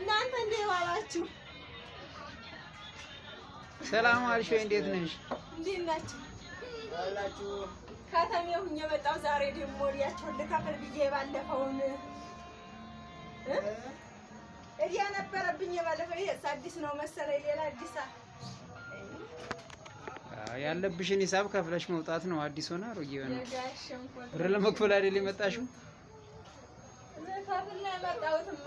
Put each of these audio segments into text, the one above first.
እናንተ እንዴት ዋላችሁ? ሰላም ዋልሽ ወይ? እንዴት ነሽ? እንዴት ናችሁ? ከተሜ ሁኜ መጣሁ። ዛሬ ደግሞ እያቸውን ልከፍል ብዬ የባለፈውን እዲያ ነበረብኝ። የባለፈው ይሄስ አዲስ ነው መሰለኝ። ሌላ አዲስ ያለብሽን ሂሳብ ከፍለሽ መውጣት ነው። አዲስ ሆነ አሮጌ ሆነ ብር ለመክፈል አይደል የመጣሽው? ከፍል ነው የመጣሁትማ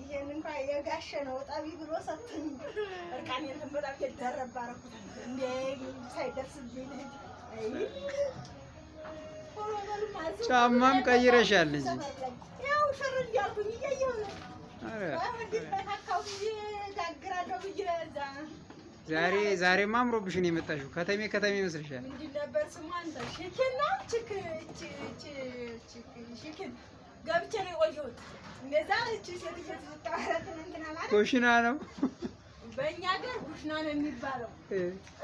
እንኳ የጋሸ ነው ጠቢ ብሎ ሰጥቶኝ እርቃን የለም። በጣም እንደ ሳይደርስብኝ ጫማም ቀይረሻል እንጂ ያው ሽር እያልኩኝ እያየሁ ነው። ዛሬ የመጣሽው ከተሜ ከተሜ ይመስልሻል። ምንድን ነበር አንተ ገብቼ ነው የቆየሁት ኩሽና ነው። በእኛ ሀገር ኩሽና ነው የሚባለው።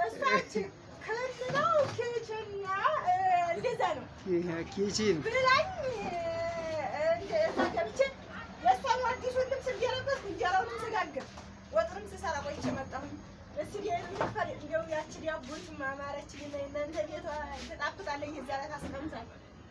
እሳችን ከንትናው ኬችና እንደዛ ነው ኬችን ብላኝ እንደዛ ገብቼ የእሷን አዲሱን ልብስ እንዲያለበት እንጀራውን እንዘጋገብ ወጥርም ስሰራ ቆይቼ መጣሁኝ። እሱ እንዲያው ያቺ ዳቦቱም እናንተ ቤቷ ተጣፍጣለች። የዛሬ ታስቀምጣለች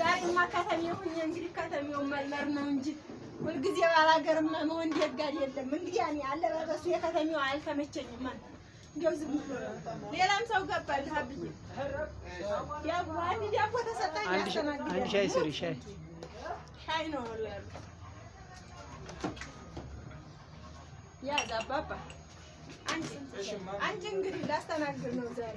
ዛሬማ ከተሜው ሁኜ እንግዲህ ከተሜው መልመር ነው እንጂ ሁልጊዜ ባላገርማ መሆን ደጋድ የለም። እንግዲህ ያኔ አለባበሱ የከተሜው አልተመቸኝም። እንደው ዝም ብሎ ሌላም ሰው ገባል። ታብዬ ዳቦ አንድ ዳቦ ተሰጠኝ። አንድ ሻይ ስሪ። ሻይ ሻይ ነው ያሉት ያዝ አባባ አንቺ እንግዲህ ላስተናግድ ነው ዛሬ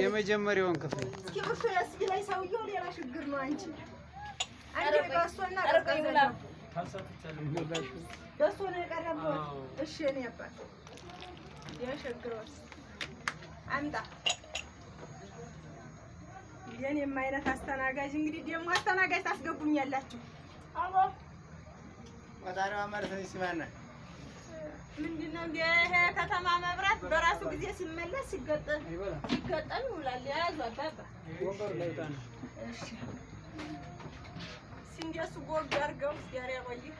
የመጀመሪያውን ክፍል እስኪ ብፍ ያስቢላይ ሌላ ችግር ነው። አንቺ አንዴ በእሷና በእሱ ነው የቀረበው። እሺ እኔ አባት የሸግሮት አምጣ። የእኔም አይነት አስተናጋጅ እንግዲህ ደግሞ አስተናጋጅ ታስገቡኛላችሁ። ምንድን ነው ይሄ? የከተማ መብራት በራሱ ጊዜ ሲመለስ ሲገጠም ሲገጠም ይውላል። የያዙ አባባ ጎግ አድርገው ጋር ያቆይህ።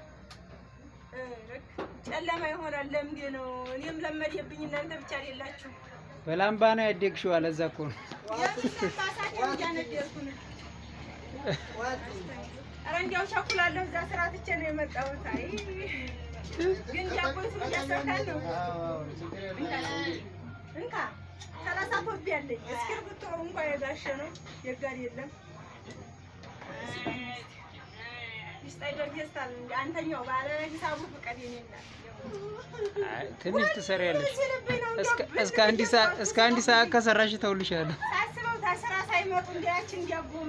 ጨለማ ይሆናል። ለምዴ ነው እኔም ለመደብኝ። እናንተ ብቻ አይደላችሁ። በላምባ ነው ያደግሽው። አለዛ እኮ ነው ኧረ እንዲያው ቸኩላለሁ። እዛ ስራ ትቼ ነው የመጣሁት። አይ ግን ዳቦ ይፍሩ እንካ ሰላሳ ያለኝ እስክርብቶ እንኳ የጋሸ ነው የጋር የለም። ትንሽ ትሰሪያለሽ። እስከ አንድ ሰዓት ከሰራሽ ተውልሻለሁ። ሳስበው ሳይመጡ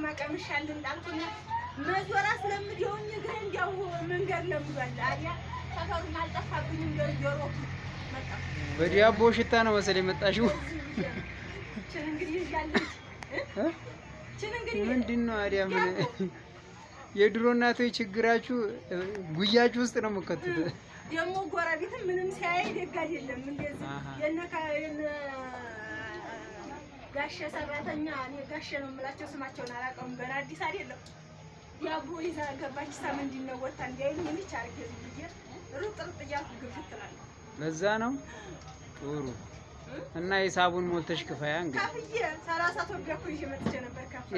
መቀምሻል መዞራ ስለምድ የሆኝ እንዲያው መንገድ ለምዷል አያ በዳቦ ሽታ ነው መሰለኝ የመጣሽው። ምንድን ነው አዲያ? ምን የድሮ እናቶች ችግራችሁ ጉያችሁ ውስጥ ነው የምከቱት። ደግሞ ጎረቤትም ምንም ሲያይ ደግ አይደለም። እንደዚህ ጋሸ ሰራተኛ እኔ ጋሸ ነው የምላቸው ስማቸውን አላውቀውም። አይደለም። ይዛ ገባች። ምንድን ነው ወታ ምን ለዛ ነው ጥሩ። እና የሳቡን ሞልተሽ ክፈያ። እንግዲህ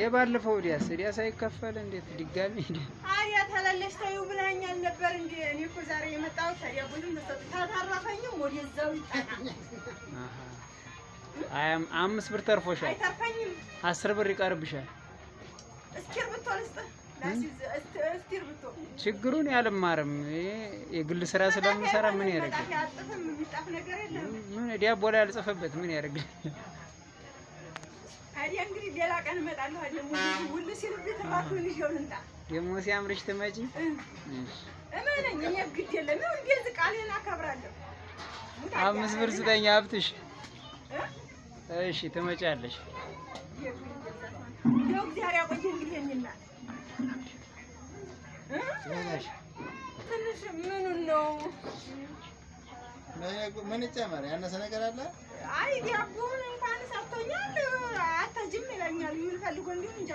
የባለፈው ዲያስ ዲያስ ሳይከፈል እንዴት ድጋሚ አያ ተለለሽ ተይው ብለኸኛል ነበር። እንደ እኔ እኮ ዛሬ የመጣሁት ታዲያ ቡድን አምስት ብር ተርፎሻል። አይተርፈኝም። አስር ብር ይቀርብሻል። እስኪ ብትወልስጥ ችግሩን ያልማርም የግል ስራ ስለምሰራ ምን ያደርጋል? ምን ዲያቦ ላይ ያልጽፈበት ምን ያደርጋል? ደግሞ ሲያምርሽ ትመጪ። አምስት ብር ስጠኝ ሀብትሽ። እሺ ትመጫለሽ። ትንሽ ምኑን ነው ምን ይጨመር? ያነሰ ነገር አለ? አይ ዳቦውን እንኳን ሰጥቶኛል። አታጅም ይለኛል። ይሁን ፈልጎ እንዲሁ እንጃ።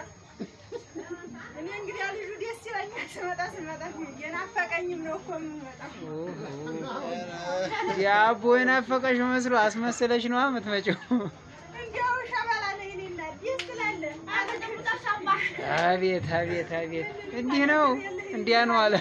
እኔ እንግዲህ ደስ ይለኛል። ስመጣ ስመጣ የናፈቀኝም ነው እኮ የምመጣው። የናፈቀሽ መስሎ አስመሰለሽ ነዋ የምትመጪው። አቤት አቤት አቤት! እንዲህ ነው እንዲያ ነው አለ።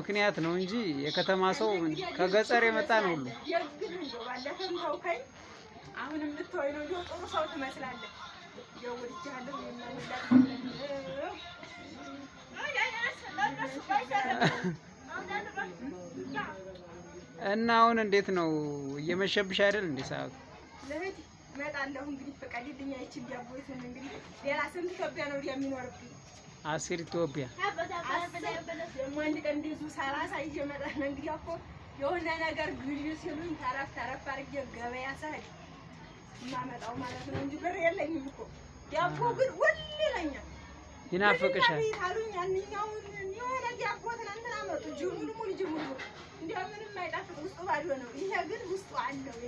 ምክንያት ነው እንጂ የከተማ ሰው ከገጠር የመጣ ነው ሁሉ። እና አሁን እንዴት ነው? እየመሸብሽ አይደል? እንደ ሰዓቱ እመጣለሁ እንግዲህ ፈቃድልኛ። ይቺ ዳቦ እንግዲህ ሌላ ስንት ኢትዮጵያ ነው የሚኖርብኝ? አስር ኢትዮጵያ ደግሞ አንድ ቀን እንደዚሁ ሰላሳ ይዤ እመጣለሁ። እንግዲህ እኮ የሆነ ነገር ግዢ ሲሉኝ ተረፍ ተረፍ አድርጌ ገበያ ስሄድ የማመጣው ማለት ነው እንጂ ብር የለኝም እኮ። ዳቦ ግን ውል ይለኛል፣ ይናፍቅሻል አሉኝ። ያንኛውን የሆነ ዳቦ ትናንትና መጡ። ጅሙል ሙል ጅሙል ሙል እንዲያው ምንም አይጣፍጥ ውስጡ ባዶ ነው። ይሄ ግን ውስጡ አለው።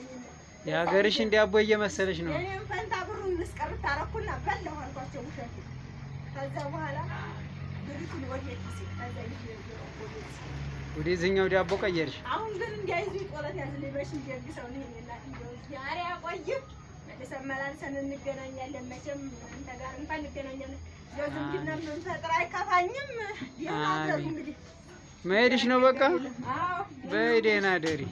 ነው። እኔም ፈንታ ብሩን ልስቀር ታረኩና በላሁ አልኳቸው ውሸት ከዛ በኋላ ወደ እዚህኛው ዳቦ ቀየርሽ። አሁን ግን እንዲያይዙ ቆለት ያዝልኝ በሽ እንዲያግ ሰው ነው የናት ዛሬ አቆይ ተሰመላልሰን እንገናኛለን። መቼም አንተ ጋር እንኳን እንገናኛለን። ዝምድና ምን ፈጥራ አይከፋኝም። ይሄ እንግዲህ መሄድሽ ነው በቃ። አዎ በይ ደህና ደሪ